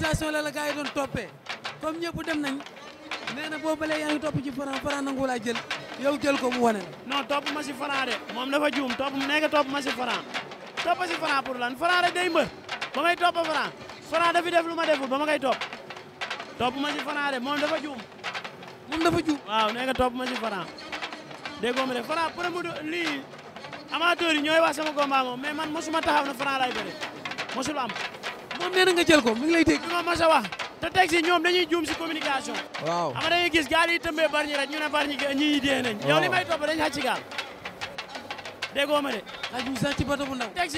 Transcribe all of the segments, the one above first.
mobilisation la la gars yi doon toppee comme ñëpp dem nañ nee na boo balee yaa ngi topp ci Franc Franc nangu laa jël yow jël ko mu wane topp ma si Franc de moom dafa juum topp mu nekk topp ma si Franc topp si Franc pour lan Franc rek day mbër ba may topp Franc Franc dafi def lu ma deful ba ma koy topp topp ma si Franc de moom dafa juum. moom dafa juum waaw nee nga topp ma si Franc déggoo ma de Franc promoteur lii amateur yi ñoo wax sama combat moom mais man mosuma taxaw na Franc moom nee nga jël ko mi ngi lay dégg. ma sa wax te teg ñoom dañuy juum si communication. waaw xam dañuy gis gaal yi tëmbee barñi rek ñu ne barñi ñii dee nañ. waaw yow li oh. may topp dañu xaj si gaal. de. xaj bu sax ci bato bu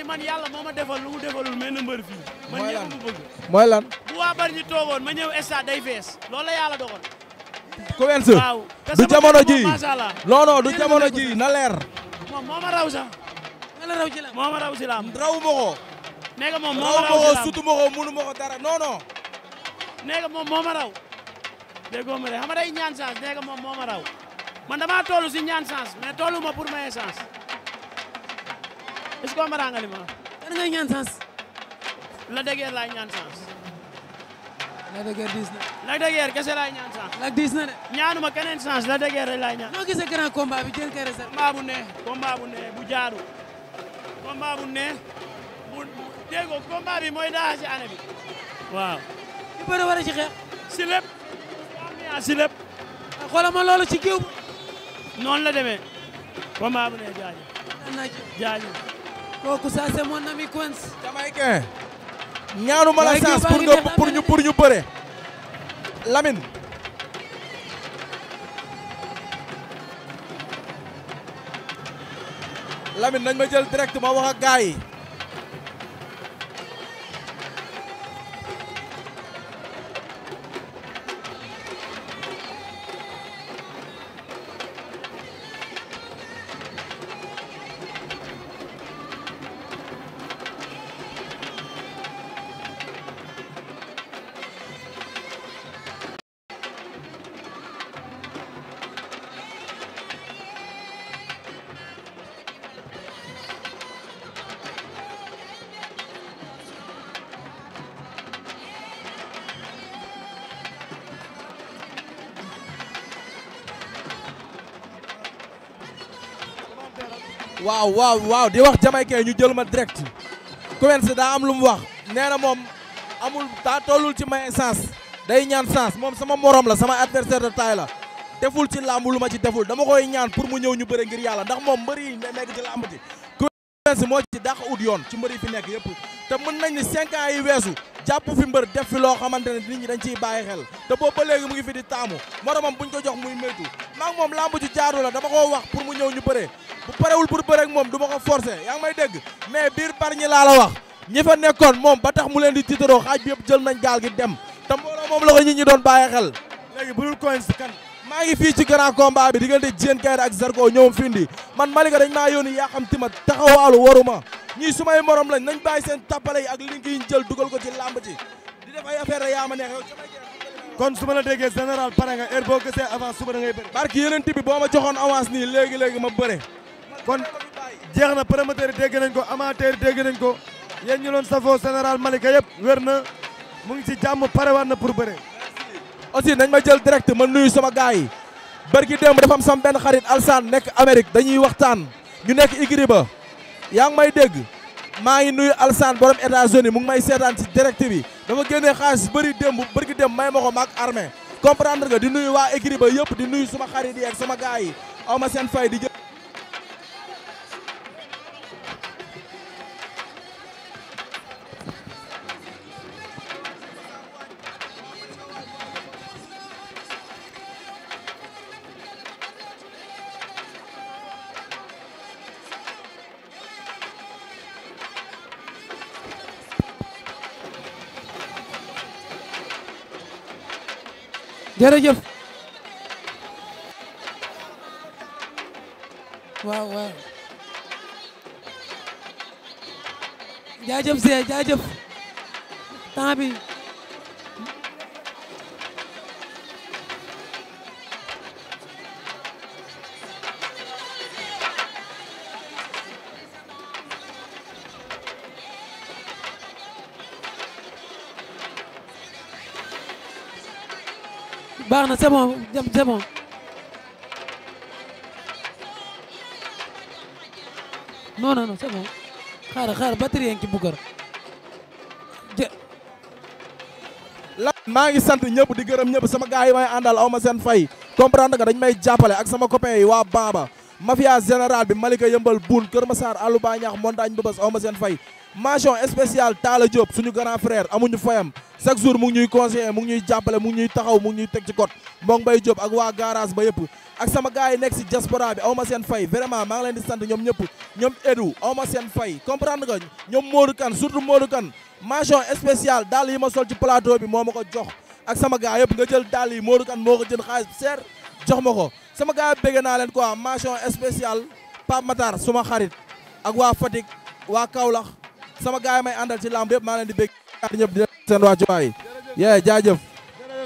man yàlla moo ma defal lu mu defalul mel na mbër fii. man ñëpp mu bëgg. mooy lan bu waa barñi toogoon ma ñëw stade day fees loolu la yàlla dogal. Quench du jamono ji non non du jamono ji na leer. moom moo ma raw sax. nga la raw nee nga moom moo ma raw sutu ma munu ma ko dara non moom moo ma raw. déggoo ma de xam nga day ñaan moom moo ma raw man damaa toll si ñaan chance mais tollu ma pour maye chance est-ce que comprends nga li ma. kan ngay ñaan chance. la dëgër laay ñaan chance. na. la dëgër kese laay ñaan chance. la diis de. ñaanuma keneen chance la dëgër rek laay ñaan. noo gisee grand combat bi jël kër sa. combat bu ne combat bu ne. dégg mooy daa waaw. ci bëre wala ci xeex. si lépp. ambiance si ci géew. noonu la deme combat bu ne jaajëf. jaajëf. kooku ça c'est mon ami Quench. jamaïcain. ñaanu ma la chance pour nga pour ñu pour ñu bëre. Lamine. nañ ma jël direct ma wax ak yi. waaw waaw waaw di wax jamaïcain ñu jël ma direct commence daa am lu mu wax nee na moom amul daa tollul ci may essence day ñaan sens moom sama morom la sama adversaire de taille la deful ci làmb lu ma ci deful dama koy ñaan pour mu ñëw ñu bëre ngir yàlla ndax moom mbëri yi nekk ci làmb ji Quench moo ci dàq ut yoon ci mbër yi fi nekk yëpp te mën nañ ni cinq ans yi weesu jàpp fi mbër def fi loo xamante ne nit ñi dañ ciy bàyyi xel te boobu ba léegi mu ngi fi di taamu moromam buñ ko jox muy moytu maag moom lamb ju jaaru la dama koo wax pour mu ñëw ñu bëree bu parewul pour bëreek moom du ma ko forcer yaa ngi may dégg mais biir par ñi laa la wax ñi fa nekkoon moom ba tax mu leen di tiitaroo xaaj bi yëpp jël nañ gaal gi dem te mbooloo moom la ko nit ñi doon bàyyi xel léegi maa ngi fii ci grand combat bi diggante Diène Kaïré ak Zarko ñoom findi man Malika dañ maa yónni yaa xam tima taxawaalu waruma ñii su may morom lañ nañ bàyyi seen tappale yi ak link yi ñu jël dugal ko ci làmb ci di def ay affaire yaa ma neex yow kon su ma la déggee général pare nga heure boo gisee avance suba da ngay bëri barki yeneen bi boo ma joxoon nii léegi-léegi ma bëre kon jeex na promoteur yi dégg nañ ko amateur yi dégg nañ ko yéen ñu doon safoo général Malika yëpp wér na mu ngi ci jàmm pare war na pour bëre aussi nañ ma jël direct ma nuyu sama gars yi bërki démb dafa am sama benn xarit Alsaan nekk Amérique dañuy waxtaan ñu nekk igri ba yaa ngi may dégg maa ngi nuyu Alsaan borom États-Unis mu ngi may seetaan ci direct bi dafa génnee xaalis bëri démb bërki démb may ma ko maak armée comprendre nga di nuyu waa igri ba yëpp di nuyu suma xarit yi ak sama gars yi aw ma seen fay di jël jërëjëf waaw waaw jaajëf see jaajëf temps bi baax na c'est bon c'est bon na non non c'est bon xaaral xaaral batterie yaa ngi ci buggar la maa sant ñëpp di gërëm ñëpp sama gars yi may àndal aw ma seen fay comprendre nga dañ may jàppale ak sama copain yi waa Bamba mafia général bi Malika yëmbal Boune Kër Massar Allou Ba Ñax montagne Mbeubeuss aw ma seen fay mention spéciale Talla Diop suñu grand frère amuñu fayam chaque jour mu ngi ñuy conseiller mu ñuy jàppale mu ngi ñuy taxaw mu ngi ñuy teg ci code Mbong Bay Diop ak waa garage ba yëpp ak sama gars yi nekk si diaspora bi aw ma seen fay vraiment maa ngi leen di sant ñoom ñëpp ñoom Edu aw ma seen fay comprendre nga ñoom Modou Kane surtout Modou Kane mention spéciale daal yi ma sol ci plateau bi moo ma ko jox sama gars yëpp nga jël daal yi Modou Kane moo ko jël xaalis seer jox ma ko sama gars yi bëgg naa leen quoi mention spéciale Pape Matar suma xarit ak waa Fatick waa Kaolack sama gaay yi may àndal ci làmb yëpp maa leen di bég ñëpp di seen waa juwaay yee jaajëf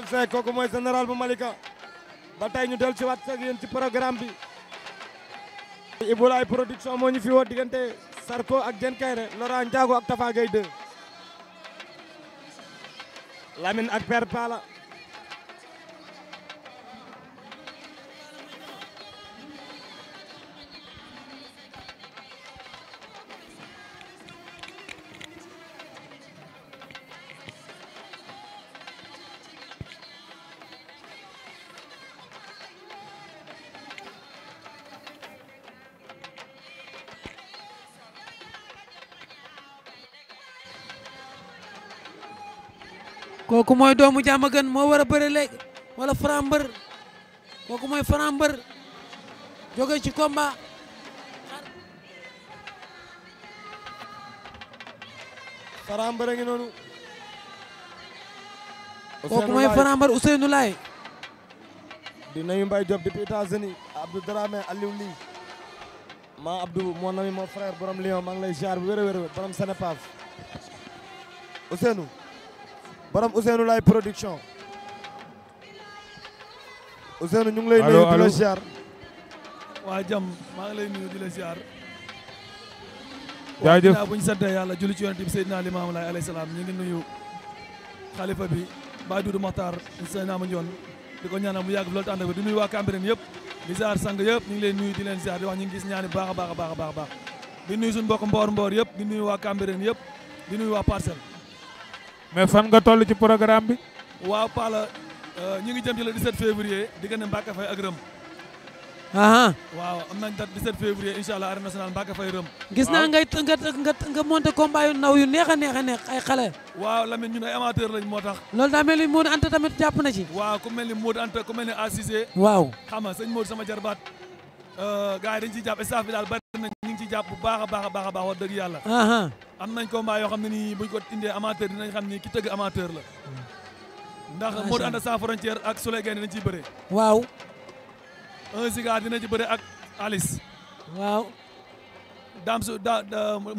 jërëjëf kooku mooy général bu Malika ba tey ñu del ci waat ak yéen ci programme bi Ibulaay production moo ñu fi woo diggante Sarko ak Diène Kaïré Laurent Ndiago ak Tafa Gueye 2 Lamine ak Père Pala kooku mooy doomu jàmm moo war a bëre léegi wala Franc mbër kooku mooy Franc mbër jóge ci combat Franc mbër a ngi noonu kooku mooy Franc mbër Ousseynou Laye dinañu Mbaye Diop depuis États-Unis Abdou Dramé Aliou Ly ma Abdou mon ami mon frère borom Lyon maa ngi lay ziar bu wér a wér borom Sénégal Ousseynou borom Ousseynou Laye production Ousseynou ñu ngi lay nuyu di la ziar waa jam maa ngi lay nuyu di la ziar jaajëf bu ñu sante yàlla julli ci yonent bi Seydina Limaamu Laay alayhi salaam ñu ngi nuyu xalifa bi Baye Doudou Makhtar Seydina Mandione di ko ñaanal mu yàgg fi loolu tànd bi di nuyu waa Cambérène yëpp di ziar sang yëpp ñu ngi leen nuyu di leen ziar di wax ñu ngi gis ñaani baax a baax a baax a baax di nuyu suñu mbokk mboor mboor yëpp di nuyu waa Cambérène yëpp di nuyu waa Parcelles mais fan nga toll ci programme bi. waaw Palla euh, ñu ngi jëm ci le 17 février diggante Mbacke Faye ak Rëm. waaw am nañ date 17 février incha allah arène nationale Mbacke Faye Rëm. gis naa ngay nga nga nga monté combat yu ndaw yu neex neex a ay xale. waaw Lamine ñun ay amateur lañ moo tax. loolu daa mel ni Modou Anta tamit jàpp na ci. waaw ku mel ni Modou Anta ku mel ni Assise. waaw xam nga sëñ Modou sama jarbaat. Euh, gars yi dañ ciy jàpp staff bi daal bari nañ ñu ngi ciy jàpp bu baax a baax a baax a baax wax dëgg yàlla. am nañ combat yoo xam ne nii buñ ko indee amateur dinañ xam ki tëgg amateur la. ndax Modou Anta sans frontière ak Souley Gaye dinañ ciy bëre. waaw. un Ziga dina ci bëre ak Alice. waaw. daam su da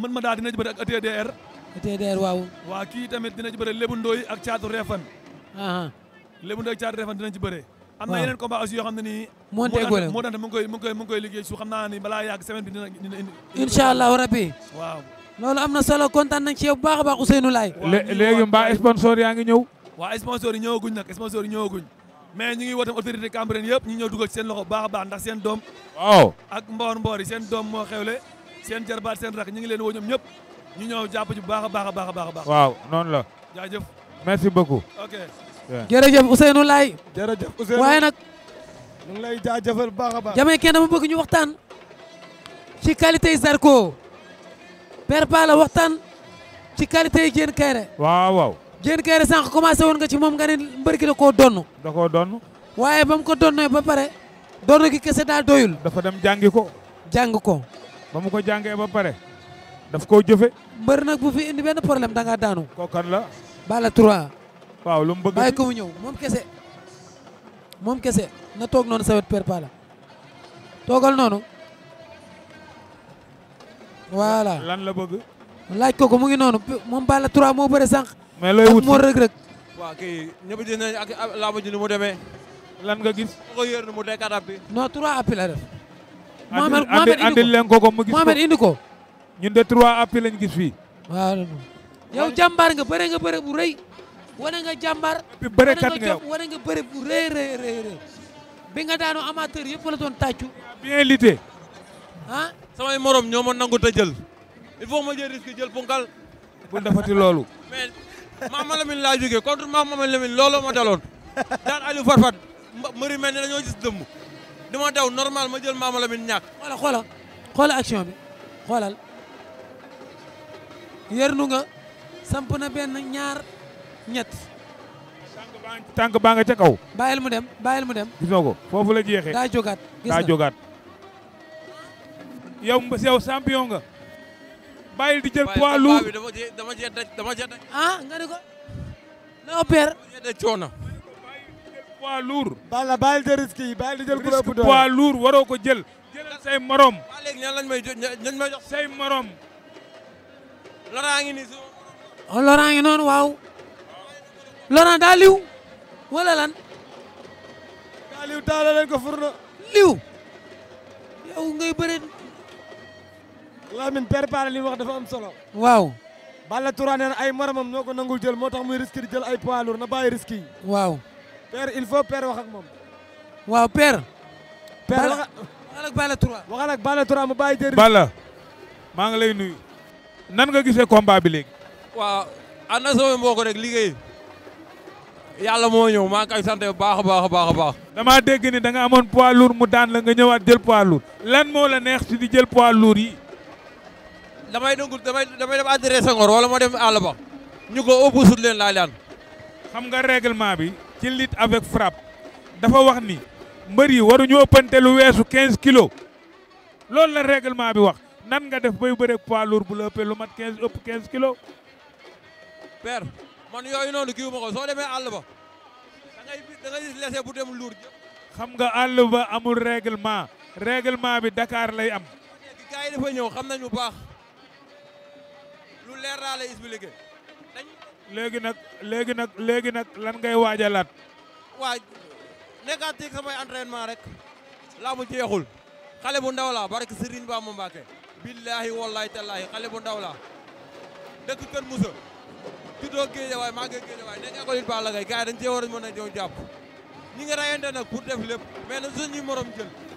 mën ma daal dina ci bëre ak ETDR. ETDR waaw. waa kii tamit dina ci bëre Lebu Ndoy ak Caatu Refan. Lebu Ndoy ak Caatu Refan dinañ ci bëre. am na yeneen combat aussi yoo xam ne nii. mu ngi koy mu ngi koy mu su xam naa ni balaa yàgg semaine bi dina dina indi. incha allah rabbi waaw. loolu am na solo kontaan nañ ci bu baax a baax Ousseynou Laye. léegi mbaa sponsor yaa ngi ñëw. waaw sponsor yi ñëwaguñ nag sponsor yi ñëwaguñ mais ñu ngi wootam autorité Cambérène yëpp ñu ñëw dugal ci seen loxo baax a baax ndax seen doom. waaw ak mboor mbor yi seen doom moo xewle seen jarbaat seen rak ñu ngi leen woo ñoom ñëpp ñu ñëw jàpp ci bu baax a baax a baax a waaw noonu la. jaajëf merci beaucoup. ok. jërëjëf Ousseynou Laye. jërëjëf Ousseynou waaye nag. ñu ngi lay jaajëfal baax a baax. jamee kenn dama bëgg ñu waxtaan ci qualité Zarko père Ba la waxtaan ci qualité yi Diène Kaïré waaw waaw Diène Kaïré sànq commencé woon nga ci moom nga ne mbër gi da koo donn da donn waaye ba mu ko donnee ba pare donn gi kese daa doyul dafa dem jàngi ko jàng ko ba mu ko jàngee ba pare daf koo jëfe mbër nag bu fi indi benn problème da ngaa daanu kooku kan la Balla 3 waaw lu mu ba bàyyi ko mu ñëw moom kese moom kese na toog noonu sawet père toogal noonu voilà lan la bëgg. laaj ko ko mu ngi noonu moom Balla 3 moo bëre sànq. mais looy wut moo rëg rëg. waaw kay ñëpp gis nañu ak làmb ji ni mu demee. lan nga gis. ko yër ni mu dee kat appi. non 3 appi la def. Mohamed Mohamed indi leen ko ko mu gis ko Mohamed gis fii. waaw yow nga bëre nga bëre bu rëy. nga jàmbaar. bëre kat nga yow nga bëre bi nga daanoo amateur yëpp la doon tàccu. bien samay morom ñoo ma nangu te jël il faut ma jël risque jël punkal. bu defati loolu. mais Mama Lamine laa jógee contre Mama Lamine looloo ma daloon daan Aliou Farfat mëri mel ne dañoo gis dëmm dama daw normal ma jël Mama Lamine ñàkk. xoola xoola xoola action bi xoolal yernu nga samp na benn ñaar ñett. tànk baa nga ca kaw. bàyyil mu dem bàyyil mu dem. gis nga foofu la jeexee. daa jógaat gis nga daa yow mbës yow champion nga. di jël poids lourd dama aa dama dama cee nga ne ko. na opère. dama cee daj coono. bàyyil di jël poids lourd. bala bàyyil de risque yi bàyyil di jël. risque poids jël. say morom. léegi ñan lañ may jox ñan may jox. say morom. Laurent ngi nii si. oh Laurent ngi noonu waaw. Laurent daa liw. wala lan. liw taala leen ko furna. liw. yow ngay bëre. Lamine préparé li wax dafa am solo. waaw. Balla Toura nee na ay moromam ñoo ko nangul jël moo tax muy risque di jël ay poids lourd na bàyyi risque waaw. père il faut père wax ak moom. waaw père. père wax ak Balla Toura. waxal ak Balla Toura mu bàyyi jël. maa ngi lay nuyu. nan nga gisee combat bi léegi. waaw ànd ak sama mbokk rek liggéey. yàlla moo ñëw maa ngi koy bu baax a baax a baax a baax. damaa dégg ni da nga amoon poids lourd mu daan la nga ñëwaat jël poids lourd. lan moo la neex ci di jël poids lourd yi. damay dugg damay damay dem adresse Senghor wala ma dem àll ba ñu ko opposite leen laa laan xam nga règlement bi ci lutte avec frappe dafa wax ni mbër yi waruñu ëppante lu weesu 15 kilos loolu la règlement bi wax nan nga def bay bëre poids lourd bu la lu mat 15 ëpp 15 kilos. père man yooyu noonu kii ma ko soo demee àll ba da ngay da bu dem lourd. xam nga àll ba amul règlement règlement bi Dakar lay am. gars yi ñëw xam nañu bu baax. leer laa lay léegi nag léegi nag léegi nag lan ngay waajalaat. waa nekkaat ci samay entraînement rek. laa mu jeexul. xale bu ndaw laa barke Serigne Bamba Mbacké. billaahi wallaahi tallaahi xale bu ndaw laa. dëkk Kër Moussa. juddoo Géejawaay waay Géejawaay nekk école Balla Gaye gars yi dañ cee war a mën a ñëw jàpp. ñi ngi rayante nag pour def lépp mais na suñu morom jël.